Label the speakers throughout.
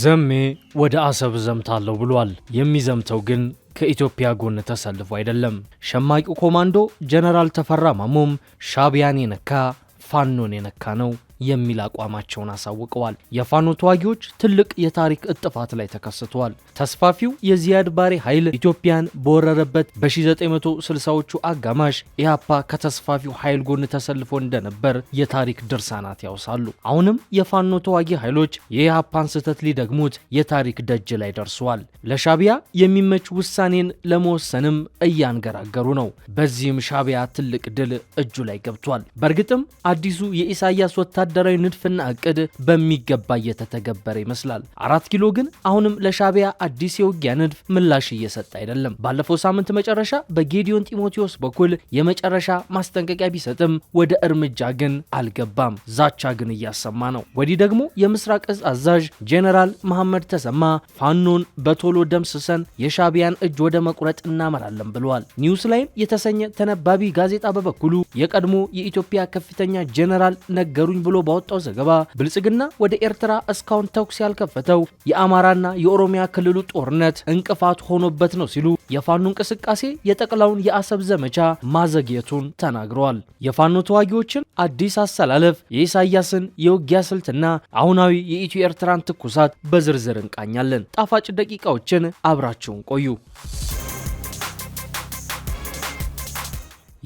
Speaker 1: ዘሜ ወደ አሰብ ዘምታለሁ ብሏል። የሚዘምተው ግን ከኢትዮጵያ ጎን ተሰልፎ አይደለም። ሸማቂው ኮማንዶ ጀነራል ተፈራ ማሞም ሻቢያን የነካ ፋኖን የነካ ነው። የሚል አቋማቸውን አሳውቀዋል። የፋኖ ተዋጊዎች ትልቅ የታሪክ እጥፋት ላይ ተከስተዋል። ተስፋፊው የዚያድ ባሬ ኃይል ኢትዮጵያን በወረረበት በ1960ዎቹ አጋማሽ ኢያፓ ከተስፋፊው ኃይል ጎን ተሰልፎ እንደነበር የታሪክ ድርሳናት ያውሳሉ። አሁንም የፋኖ ተዋጊ ኃይሎች የኢያፓን ስህተት ሊደግሙት የታሪክ ደጅ ላይ ደርሰዋል። ለሻቢያ የሚመች ውሳኔን ለመወሰንም እያንገራገሩ ነው። በዚህም ሻቢያ ትልቅ ድል እጁ ላይ ገብቷል። በእርግጥም አዲሱ የኢሳያስ ወታደ ወታደራዊ ንድፍና እቅድ በሚገባ እየተተገበረ ይመስላል። አራት ኪሎ ግን አሁንም ለሻቢያ አዲስ የውጊያ ንድፍ ምላሽ እየሰጠ አይደለም። ባለፈው ሳምንት መጨረሻ በጌዲዮን ጢሞቴዎስ በኩል የመጨረሻ ማስጠንቀቂያ ቢሰጥም ወደ እርምጃ ግን አልገባም። ዛቻ ግን እያሰማ ነው። ወዲህ ደግሞ የምስራቅ እዝ አዛዥ ጄኔራል መሐመድ ተሰማ ፋኖን በቶሎ ደምስሰን የሻቢያን እጅ ወደ መቁረጥ እናመራለን ብለዋል። ኒውስ ላይን የተሰኘ ተነባቢ ጋዜጣ በበኩሉ የቀድሞ የኢትዮጵያ ከፍተኛ ጄኔራል ነገሩኝ ብሎ ባወጣው ዘገባ ብልጽግና ወደ ኤርትራ እስካሁን ተኩስ ያልከፈተው የአማራና የኦሮሚያ ክልሉ ጦርነት እንቅፋት ሆኖበት ነው ሲሉ የፋኖ እንቅስቃሴ የጠቅላውን የአሰብ ዘመቻ ማዘግየቱን ተናግረዋል። የፋኖ ተዋጊዎችን አዲስ አሰላለፍ፣ የኢሳያስን የውጊያ ስልትና አሁናዊ የኢትዮ ኤርትራን ትኩሳት በዝርዝር እንቃኛለን። ጣፋጭ ደቂቃዎችን አብራችሁን ቆዩ።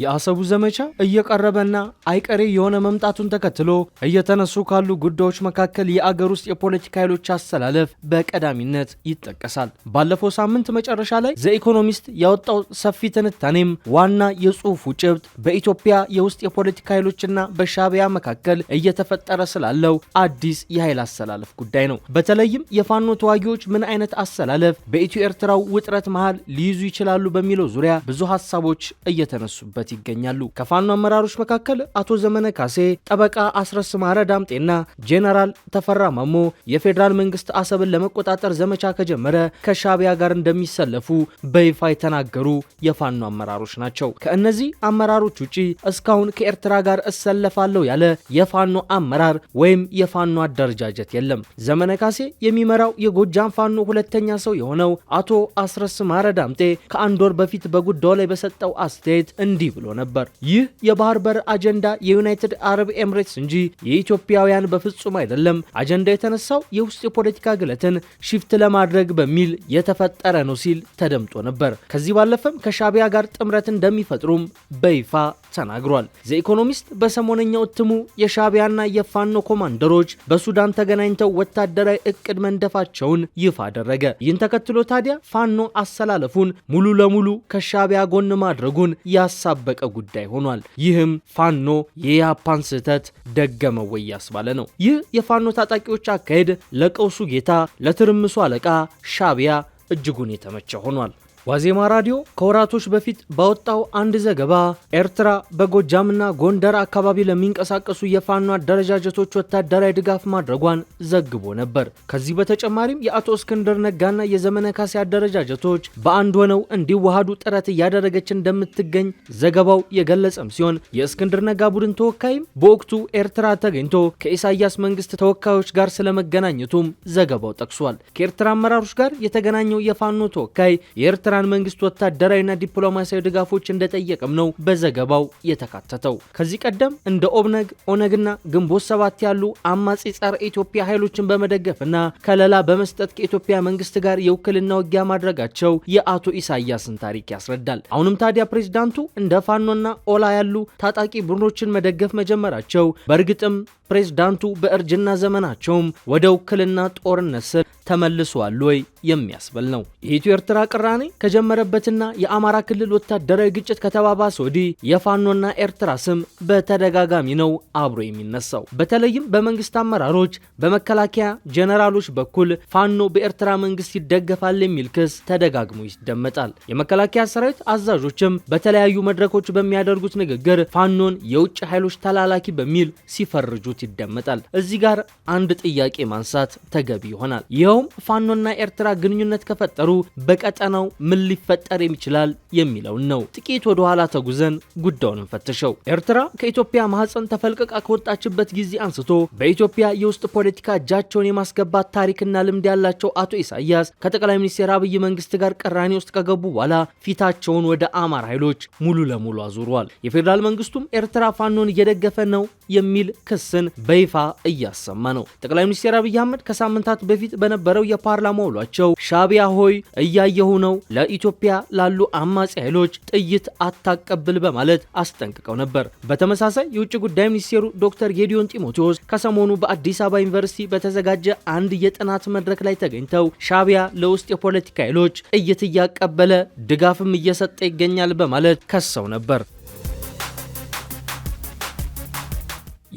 Speaker 1: የአሰቡ ዘመቻ እየቀረበና አይቀሬ የሆነ መምጣቱን ተከትሎ እየተነሱ ካሉ ጉዳዮች መካከል የአገር ውስጥ የፖለቲካ ኃይሎች አስተላለፍ በቀዳሚነት ይጠቀሳል። ባለፈው ሳምንት መጨረሻ ላይ ዘኢኮኖሚስት ያወጣው ሰፊ ትንታኔም ዋና የጽሑፉ ጭብጥ በኢትዮጵያ የውስጥ የፖለቲካ ኃይሎችና በሻቢያ መካከል እየተፈጠረ ስላለው አዲስ የኃይል አሰላለፍ ጉዳይ ነው። በተለይም የፋኖ ተዋጊዎች ምን አይነት አሰላለፍ በኢትዮ ኤርትራው ውጥረት መሃል ሊይዙ ይችላሉ በሚለው ዙሪያ ብዙ ሀሳቦች እየተነሱበት እየተገኙበት ይገኛሉ። ከፋኖ አመራሮች መካከል አቶ ዘመነ ካሴ፣ ጠበቃ አስረስ ማረ ዳምጤና ጄኔራል ተፈራ ማሞ የፌዴራል መንግስት አሰብን ለመቆጣጠር ዘመቻ ከጀመረ ከሻቢያ ጋር እንደሚሰለፉ በይፋ የተናገሩ የፋኖ አመራሮች ናቸው። ከእነዚህ አመራሮች ውጪ እስካሁን ከኤርትራ ጋር እሰለፋለሁ ያለ የፋኖ አመራር ወይም የፋኖ አደረጃጀት የለም። ዘመነ ካሴ የሚመራው የጎጃም ፋኖ ሁለተኛ ሰው የሆነው አቶ አስረስ ማረ ዳምጤ ከአንድ ወር በፊት በጉዳዩ ላይ በሰጠው አስተያየት እንዲህ ብሎ ነበር። ይህ የባህር በር አጀንዳ የዩናይትድ አረብ ኤምሬትስ እንጂ የኢትዮጵያውያን በፍጹም አይደለም። አጀንዳ የተነሳው የውስጥ የፖለቲካ ግለትን ሽፍት ለማድረግ በሚል የተፈጠረ ነው ሲል ተደምጦ ነበር። ከዚህ ባለፈም ከሻቢያ ጋር ጥምረት እንደሚፈጥሩም በይፋ ተናግሯል። ዘኢኮኖሚስት በሰሞነኛው እትሙ የሻቢያና የፋኖ ኮማንደሮች በሱዳን ተገናኝተው ወታደራዊ እቅድ መንደፋቸውን ይፋ አደረገ። ይህን ተከትሎ ታዲያ ፋኖ አሰላለፉን ሙሉ ለሙሉ ከሻቢያ ጎን ማድረጉን ያሳበቀ ጉዳይ ሆኗል። ይህም ፋኖ የያፓን ስህተት ደገመ ወይ ያስባለ ነው። ይህ የፋኖ ታጣቂዎች አካሄድ ለቀውሱ ጌታ ለትርምሱ አለቃ ሻቢያ እጅጉን የተመቸ ሆኗል። ዋዜማ ራዲዮ ከወራቶች በፊት ባወጣው አንድ ዘገባ ኤርትራ በጎጃምና ጎንደር አካባቢ ለሚንቀሳቀሱ የፋኖ አደረጃጀቶች ወታደራዊ ድጋፍ ማድረጓን ዘግቦ ነበር። ከዚህ በተጨማሪም የአቶ እስክንድር ነጋና የዘመነ ካሴ አደረጃጀቶች በአንድ ሆነው እንዲዋሃዱ ጥረት እያደረገች እንደምትገኝ ዘገባው የገለጸም ሲሆን የእስክንድር ነጋ ቡድን ተወካይም በወቅቱ ኤርትራ ተገኝቶ ከኢሳያስ መንግስት ተወካዮች ጋር ስለመገናኘቱም ዘገባው ጠቅሷል። ከኤርትራ አመራሮች ጋር የተገናኘው የፋኖ ተወካይ የኤርትራ የኢራን መንግስት ወታደራዊና ዲፕሎማሲያዊ ድጋፎች እንደጠየቀም ነው በዘገባው የተካተተው። ከዚህ ቀደም እንደ ኦብነግ ኦነግና ግንቦት ሰባት ያሉ አማጺ ጸረ ኢትዮጵያ ኃይሎችን በመደገፍና ከለላ በመስጠት ከኢትዮጵያ መንግስት ጋር የውክልና ውጊያ ማድረጋቸው የአቶ ኢሳያስን ታሪክ ያስረዳል። አሁንም ታዲያ ፕሬዚዳንቱ እንደ ፋኖና ኦላ ያሉ ታጣቂ ቡድኖችን መደገፍ መጀመራቸው በእርግጥም ፕሬዝዳንቱ በእርጅና ዘመናቸውም ወደ ውክልና ጦርነት ስር ተመልሷል ወይ የሚያስብል ነው። የኢትዮ ኤርትራ ቅራኔ ከጀመረበትና የአማራ ክልል ወታደራዊ ግጭት ከተባባሰ ወዲህ የፋኖና ኤርትራ ስም በተደጋጋሚ ነው አብሮ የሚነሳው። በተለይም በመንግስት አመራሮች፣ በመከላከያ ጀነራሎች በኩል ፋኖ በኤርትራ መንግስት ይደገፋል የሚል ክስ ተደጋግሞ ይደመጣል። የመከላከያ ሰራዊት አዛዦችም በተለያዩ መድረኮች በሚያደርጉት ንግግር ፋኖን የውጭ ኃይሎች ተላላኪ በሚል ሲፈርጁት ይደመጣል። እዚህ ጋር አንድ ጥያቄ ማንሳት ተገቢ ይሆናል። ይኸውም ፋኖና ኤርትራ ግንኙነት ከፈጠሩ በቀጠናው ምን ሊፈጠር ይችላል የሚለውን ነው። ጥቂት ወደ ኋላ ተጉዘን ጉዳዩን እንፈትሸው። ኤርትራ ከኢትዮጵያ ማህፀን ተፈልቅቃ ከወጣችበት ጊዜ አንስቶ በኢትዮጵያ የውስጥ ፖለቲካ እጃቸውን የማስገባት ታሪክና ልምድ ያላቸው አቶ ኢሳያስ ከጠቅላይ ሚኒስትር አብይ መንግስት ጋር ቅራኔ ውስጥ ከገቡ በኋላ ፊታቸውን ወደ አማራ ኃይሎች ሙሉ ለሙሉ አዙሯል። የፌዴራል መንግስቱም ኤርትራ ፋኖን እየደገፈ ነው የሚል ክስን ግን በይፋ እያሰማ ነው። ጠቅላይ ሚኒስትር አብይ አህመድ ከሳምንታት በፊት በነበረው የፓርላማ ውሏቸው ሻቢያ ሆይ እያየሁ ነው፣ ለኢትዮጵያ ላሉ አማጺ ኃይሎች ጥይት አታቀብል በማለት አስጠንቅቀው ነበር። በተመሳሳይ የውጭ ጉዳይ ሚኒስቴሩ ዶክተር ጌዲዮን ጢሞቴዎስ ከሰሞኑ በአዲስ አበባ ዩኒቨርሲቲ በተዘጋጀ አንድ የጥናት መድረክ ላይ ተገኝተው ሻቢያ ለውስጥ የፖለቲካ ኃይሎች ጥይት እያቀበለ ድጋፍም እየሰጠ ይገኛል በማለት ከሰው ነበር።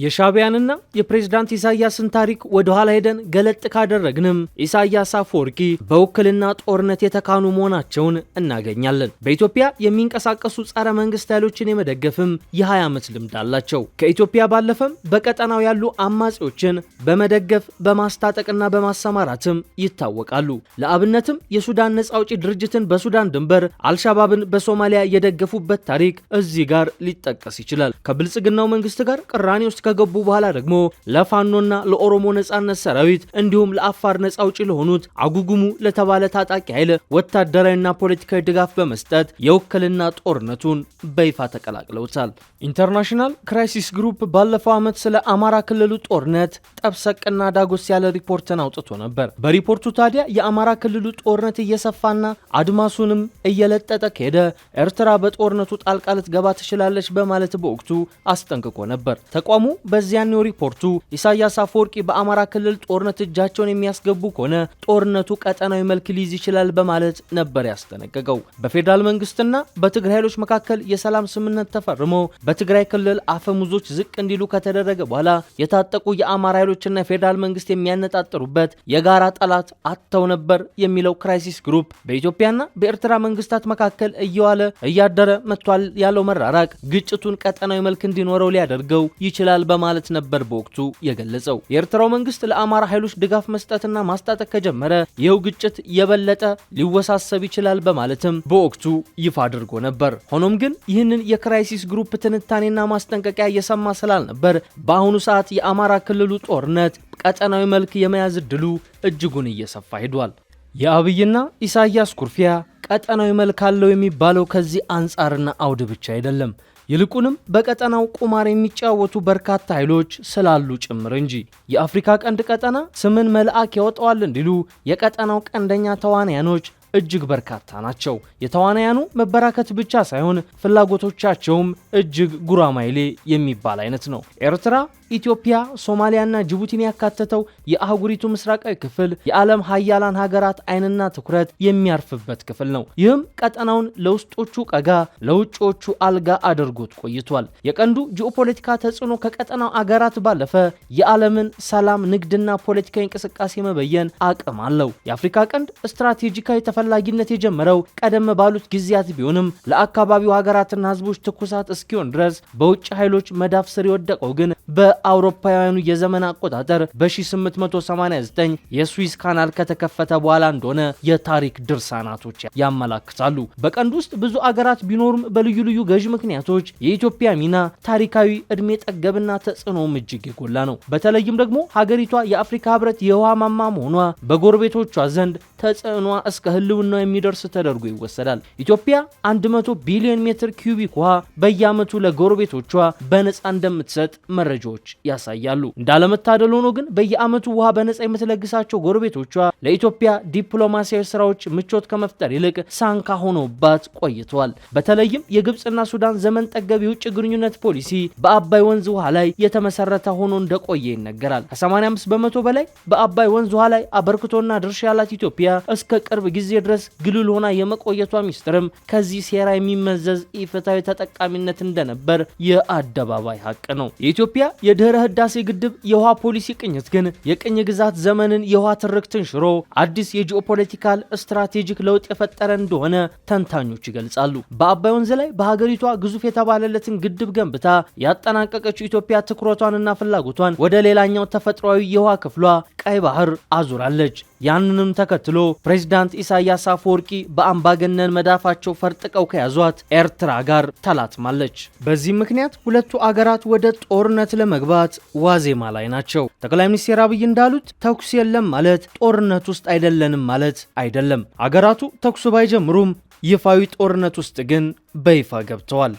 Speaker 1: የሻቢያንና የፕሬዝዳንት ኢሳያስን ታሪክ ወደ ኋላ ሄደን ገለጥ ካደረግንም ኢሳያስ አፈወርቂ በውክልና ጦርነት የተካኑ መሆናቸውን እናገኛለን። በኢትዮጵያ የሚንቀሳቀሱ ጸረ መንግስት ኃይሎችን የመደገፍም የ20 ዓመት ልምድ አላቸው። ከኢትዮጵያ ባለፈም በቀጠናው ያሉ አማጺዎችን በመደገፍ በማስታጠቅና በማሰማራትም ይታወቃሉ። ለአብነትም የሱዳን ነጻ አውጪ ድርጅትን በሱዳን ድንበር፣ አልሻባብን በሶማሊያ የደገፉበት ታሪክ እዚህ ጋር ሊጠቀስ ይችላል። ከብልጽግናው መንግስት ጋር ቅራኔ ውስጥ ከገቡ በኋላ ደግሞ ለፋኖና ለኦሮሞ ነጻነት ሰራዊት እንዲሁም ለአፋር ነጻ አውጪ ለሆኑት አጉጉሙ ለተባለ ታጣቂ ኃይል ወታደራዊና ፖለቲካዊ ድጋፍ በመስጠት የውክልና ጦርነቱን በይፋ ተቀላቅለውታል። ኢንተርናሽናል ክራይሲስ ግሩፕ ባለፈው ዓመት ስለ አማራ ክልሉ ጦርነት ጠብሰቅና ዳጎስ ያለ ሪፖርትን አውጥቶ ነበር። በሪፖርቱ ታዲያ የአማራ ክልሉ ጦርነት እየሰፋና አድማሱንም እየለጠጠ ከሄደ ኤርትራ በጦርነቱ ጣልቃ ልትገባ ትችላለች በማለት በወቅቱ አስጠንቅቆ ነበር። ተቋሙ በዚያኔው ሪፖርቱ ኢሳያስ አፈወርቂ በአማራ ክልል ጦርነት እጃቸውን የሚያስገቡ ከሆነ ጦርነቱ ቀጠናዊ መልክ ሊይዝ ይችላል በማለት ነበር ያስጠነቀቀው። በፌዴራል መንግስትና በትግራይ ኃይሎች መካከል የሰላም ስምምነት ተፈርሞ በትግራይ ክልል አፈሙዞች ዝቅ እንዲሉ ከተደረገ በኋላ የታጠቁ የአማራ ኃይሎችና የፌዴራል መንግስት የሚያነጣጥሩበት የጋራ ጠላት አጥተው ነበር የሚለው ክራይሲስ ግሩፕ በኢትዮጵያና በኤርትራ መንግስታት መካከል እየዋለ እያደረ መጥቷል ያለው መራራቅ ግጭቱን ቀጠናዊ መልክ እንዲኖረው ሊያደርገው ይችላል በማለት ነበር በወቅቱ የገለጸው። የኤርትራው መንግስት ለአማራ ኃይሎች ድጋፍ መስጠትና ማስታጠቅ ከጀመረ ይኸው ግጭት የበለጠ ሊወሳሰብ ይችላል በማለትም በወቅቱ ይፋ አድርጎ ነበር። ሆኖም ግን ይህንን የክራይሲስ ግሩፕ ትንታኔና ማስጠንቀቂያ እየሰማ ስላልነበር በአሁኑ ሰዓት የአማራ ክልሉ ጦርነት ቀጠናዊ መልክ የመያዝ እድሉ እጅጉን እየሰፋ ሄዷል። የአብይና ኢሳያስ ኩርፊያ ቀጠናዊ መልክ አለው የሚባለው ከዚህ አንጻርና አውድ ብቻ አይደለም። ይልቁንም በቀጠናው ቁማር የሚጫወቱ በርካታ ኃይሎች ስላሉ ጭምር እንጂ። የአፍሪካ ቀንድ ቀጠና ስምን መልአክ ያወጣዋል እንዲሉ የቀጠናው ቀንደኛ ተዋንያኖች እጅግ በርካታ ናቸው። የተዋናያኑ መበራከት ብቻ ሳይሆን ፍላጎቶቻቸውም እጅግ ጉራማይሌ የሚባል አይነት ነው። ኤርትራ፣ ኢትዮጵያ፣ ሶማሊያና ጅቡቲን ያካተተው የአህጉሪቱ ምስራቃዊ ክፍል የዓለም ሀያላን ሀገራት አይንና ትኩረት የሚያርፍበት ክፍል ነው። ይህም ቀጠናውን ለውስጦቹ ቀጋ ለውጮቹ አልጋ አድርጎት ቆይቷል። የቀንዱ ጂኦፖለቲካ ተጽዕኖ ከቀጠናው አገራት ባለፈ የዓለምን ሰላም፣ ንግድና ፖለቲካዊ እንቅስቃሴ መበየን አቅም አለው። የአፍሪካ ቀንድ ስትራቴጂካዊ ተፈ አስፈላጊነት የጀመረው ቀደም ባሉት ጊዜያት ቢሆንም ለአካባቢው ሀገራትና ህዝቦች ትኩሳት እስኪሆን ድረስ በውጭ ኃይሎች መዳፍ ስር የወደቀው ግን በአውሮፓውያኑ የዘመን አቆጣጠር በ1889 የስዊስ ካናል ከተከፈተ በኋላ እንደሆነ የታሪክ ድርሳናቶች ያመላክታሉ። በቀንድ ውስጥ ብዙ አገራት ቢኖሩም በልዩ ልዩ ገዥ ምክንያቶች የኢትዮጵያ ሚና ታሪካዊ እድሜ ጠገብና ተጽዕኖም እጅግ የጎላ ነው። በተለይም ደግሞ ሀገሪቷ የአፍሪካ ህብረት የውሃ ማማ መሆኗ በጎረቤቶቿ ዘንድ ተጽዕኗ እስከ ህል ህልውናው የሚደርስ ተደርጎ ይወሰዳል። ኢትዮጵያ 100 ቢሊዮን ሜትር ኪዩቢክ ውሃ በየዓመቱ ለጎረቤቶቿ በነፃ እንደምትሰጥ መረጃዎች ያሳያሉ። እንዳለመታደል ሆኖ ግን በየዓመቱ ውሃ በነፃ የምትለግሳቸው ጎረቤቶቿ ለኢትዮጵያ ዲፕሎማሲያዊ ስራዎች ምቾት ከመፍጠር ይልቅ ሳንካ ሆኖባት ቆይተዋል። በተለይም የግብፅና ሱዳን ዘመን ጠገብ የውጭ ግንኙነት ፖሊሲ በአባይ ወንዝ ውሃ ላይ የተመሰረተ ሆኖ እንደቆየ ይነገራል። ከ85 በመቶ በላይ በአባይ ወንዝ ውሃ ላይ አበርክቶና ድርሻ ያላት ኢትዮጵያ እስከ ቅርብ ጊዜ ድረስ ግልል ሆና የመቆየቷ ሚስጥርም ከዚህ ሴራ የሚመዘዝ ኢፍትሐዊ ተጠቃሚነት እንደነበር የአደባባይ ሀቅ ነው። የኢትዮጵያ የድህረ ህዳሴ ግድብ የውሃ ፖሊሲ ቅኝት ግን የቅኝ ግዛት ዘመንን የውሃ ትርክትን ሽሮ አዲስ የጂኦፖለቲካል ስትራቴጂክ ለውጥ የፈጠረ እንደሆነ ተንታኞች ይገልጻሉ። በአባይ ወንዝ ላይ በሀገሪቷ ግዙፍ የተባለለትን ግድብ ገንብታ ያጠናቀቀችው ኢትዮጵያ ትኩረቷንና ፍላጎቷን ወደ ሌላኛው ተፈጥሯዊ የውሃ ክፍሏ ቀይ ባህር አዙራለች። ያንንም ተከትሎ ፕሬዚዳንት ኢሳያስ አፈወርቂ በአምባገነን መዳፋቸው ፈርጥቀው ከያዟት ኤርትራ ጋር ተላትማለች። በዚህ ምክንያት ሁለቱ አገራት ወደ ጦርነት ለመግባት ዋዜማ ላይ ናቸው። ጠቅላይ ሚኒስትር አብይ እንዳሉት ተኩስ የለም ማለት ጦርነት ውስጥ አይደለንም ማለት አይደለም። አገራቱ ተኩስ ባይጀምሩም ይፋዊ ጦርነት ውስጥ ግን በይፋ ገብተዋል።